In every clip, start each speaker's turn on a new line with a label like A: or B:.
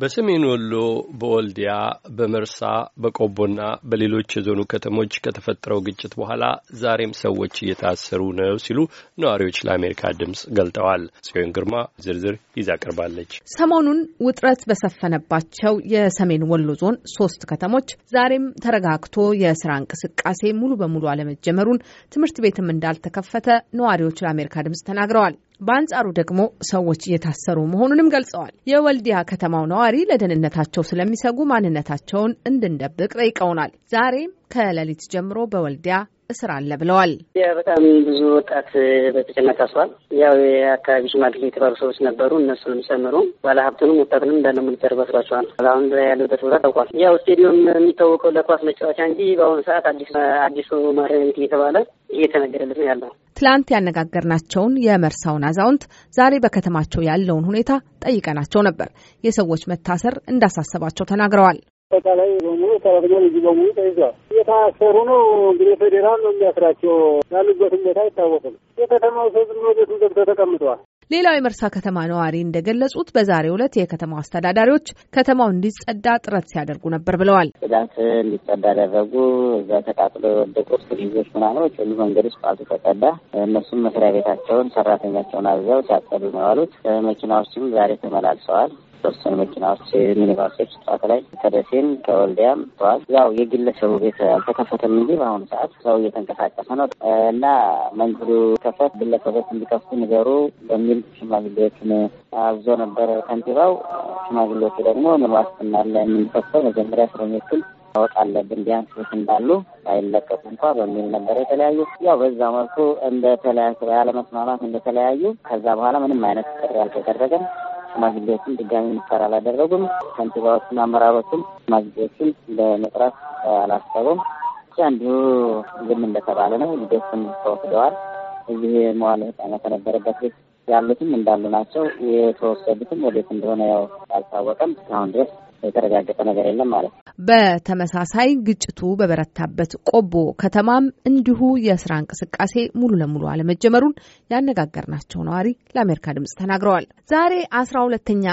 A: በሰሜን ወሎ በወልዲያ በመርሳ በቆቦና በሌሎች የዞኑ ከተሞች ከተፈጠረው ግጭት በኋላ ዛሬም ሰዎች እየታሰሩ ነው ሲሉ ነዋሪዎች ለአሜሪካ ድምፅ ገልጠዋል። ጽዮን ግርማ ዝርዝር ይዛ ቀርባለች። ሰሞኑን ውጥረት በሰፈነባቸው የሰሜን ወሎ ዞን ሶስት ከተሞች ዛሬም ተረጋግቶ የስራ እንቅስቃሴ ሙሉ በሙሉ አለመጀመሩን፣ ትምህርት ቤትም እንዳልተከፈተ ነዋሪዎች ለአሜሪካ ድምፅ ተናግረዋል። በአንጻሩ ደግሞ ሰዎች እየታሰሩ መሆኑንም ገልጸዋል። የወልዲያ ከተማው ነዋሪ ለደህንነታቸው ስለሚሰጉ ማንነታቸውን እንድንደብቅ ጠይቀውናል። ዛሬም ከሌሊት ጀምሮ በወልዲያ እስር አለ ብለዋል።
B: በጣም ብዙ ወጣት በተጨና ታስሯል። ያው የአካባቢ ሽማግሌ የተባሉ ሰዎች ነበሩ፣ እነሱንም ጨምሮ ባለሀብቱንም ወጣቱንም እንዳለ
A: ሙኒተር በስሯቸዋል። አሁን ያለበት ቦታ ታውቋል።
B: ያው ስቴዲየም የሚታወቀው ለኳስ መጫወቻ እንጂ በአሁኑ ሰዓት አዲሱ ማረሚያ ቤት እየተባለ እየተነገረለት ነው ያለው።
A: ትላንት ያነጋገርናቸውን የመርሳውን አዛውንት ዛሬ በከተማቸው ያለውን ሁኔታ ጠይቀናቸው ነበር። የሰዎች መታሰር እንዳሳሰባቸው ተናግረዋል።
B: አጠቃላይ በሙሉ ሰራተኛ ልጅ በሙሉ ተይዘዋል። የታሰሩ ነው። እንግዲህ ፌዴራል ነው የሚያስራቸው። ያሉበትን ቦታ አይታወቅም። የከተማው ሰው
A: ዝም ብሎ ቤቱን ዘግቶ ተቀምጠዋል። ሌላው የመርሳ ከተማ ነዋሪ እንደገለጹት በዛሬው ዕለት የከተማው አስተዳዳሪዎች ከተማው እንዲጸዳ ጥረት ሲያደርጉ ነበር ብለዋል።
B: ጽዳት እንዲጸዳ ያደረጉ እዛ ተቃጥሎ የወደቁ ፍሪዞች ምናምኖች ሁሉ መንገድ ስፋቱ ተጸዳ። እነሱም መስሪያ ቤታቸውን ሰራተኛቸውን አዘው ሲያጸዱ ነው ያሉት። መኪናዎችም ዛሬ ተመላልሰዋል። የተወሰኑ ውስጥ ሚኒባሶች ጠዋት ላይ ከደሴም ከወልዲያም ጠዋት ያው የግለሰቡ ቤት አልተከፈተም እንጂ በአሁኑ ሰዓት ሰው እየተንቀሳቀሰ ነው እና መንገዱ ከፈት ግለሰቦች እንዲከፍቱ ንገሩ በሚል ሽማግሌዎችን አብዞ ነበር ከንቲባው። ሽማግሌዎቹ ደግሞ ምን ዋስትና አለ የምንፈሰው መጀመሪያ እስረኞቹን ማወቅ አለብን ቢያንስ እንዳሉ አይለቀቁ እንኳ በሚል ነበር የተለያዩ። ያው በዛ መልኩ እንደተለያ ያለመስማማት እንደተለያዩ ከዛ በኋላ ምንም አይነት ጥሪ አልተደረገም። ሽማግሌዎችን ድጋሚ ሙከራ አላደረጉም። ከንቲባዎችና አመራሮችም ሽማግሌዎችን ለመጥራት አላሰቡም። አንዱ ዝም እንደተባለ ነው። ልጆችም ተወስደዋል። እዚህ መዋለ ሕጻናት ከነበረበት ቤት ያሉትም እንዳሉ ናቸው። የተወሰዱትም ወዴት እንደሆነ ያው አልታወቀም። እስካሁን ድረስ የተረጋገጠ ነገር የለም ማለት ነው።
A: በተመሳሳይ ግጭቱ በበረታበት ቆቦ ከተማም እንዲሁ የስራ እንቅስቃሴ ሙሉ ለሙሉ አለመጀመሩን ያነጋገርናቸው ነዋሪ ለአሜሪካ ድምጽ ተናግረዋል። ዛሬ አስራ ሁለተኛ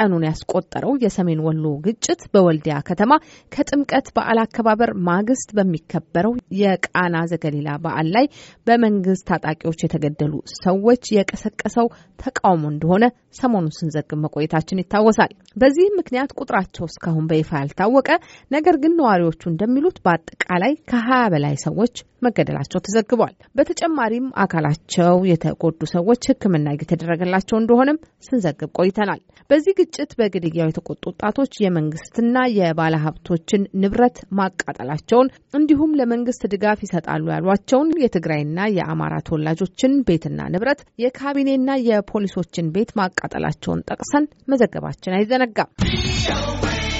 A: ቀኑን ያስቆጠረው የሰሜን ወሎ ግጭት በወልዲያ ከተማ ከጥምቀት በዓል አከባበር ማግስት በሚከበረው የቃና ዘገሊላ በዓል ላይ በመንግስት ታጣቂዎች የተገደሉ ሰዎች የቀሰቀሰው ተቃውሞ እንደሆነ ሰሞኑን ስንዘግብ መቆየታችን ይታወሳል። በዚህ ምክንያት ቁጥራቸው እስካሁን በይፋ ያልታወቀ ነገር ግን ነዋሪዎቹ እንደሚሉት በአጠቃላይ ከሀያ በላይ ሰዎች መገደላቸው ተዘግቧል። በተጨማሪም አካላቸው የተጎዱ ሰዎች ሕክምና እየተደረገላቸው እንደሆነም ስንዘግብ ቆይተናል። በዚህ በግጭት በግድያው የተቆጡ ወጣቶች የመንግስትና የባለሀብቶችን ንብረት ማቃጠላቸውን እንዲሁም ለመንግስት ድጋፍ ይሰጣሉ ያሏቸውን የትግራይና የአማራ ተወላጆችን ቤትና ንብረት የካቢኔና የፖሊሶችን ቤት ማቃጠላቸውን ጠቅሰን መዘገባችን አይዘነጋም።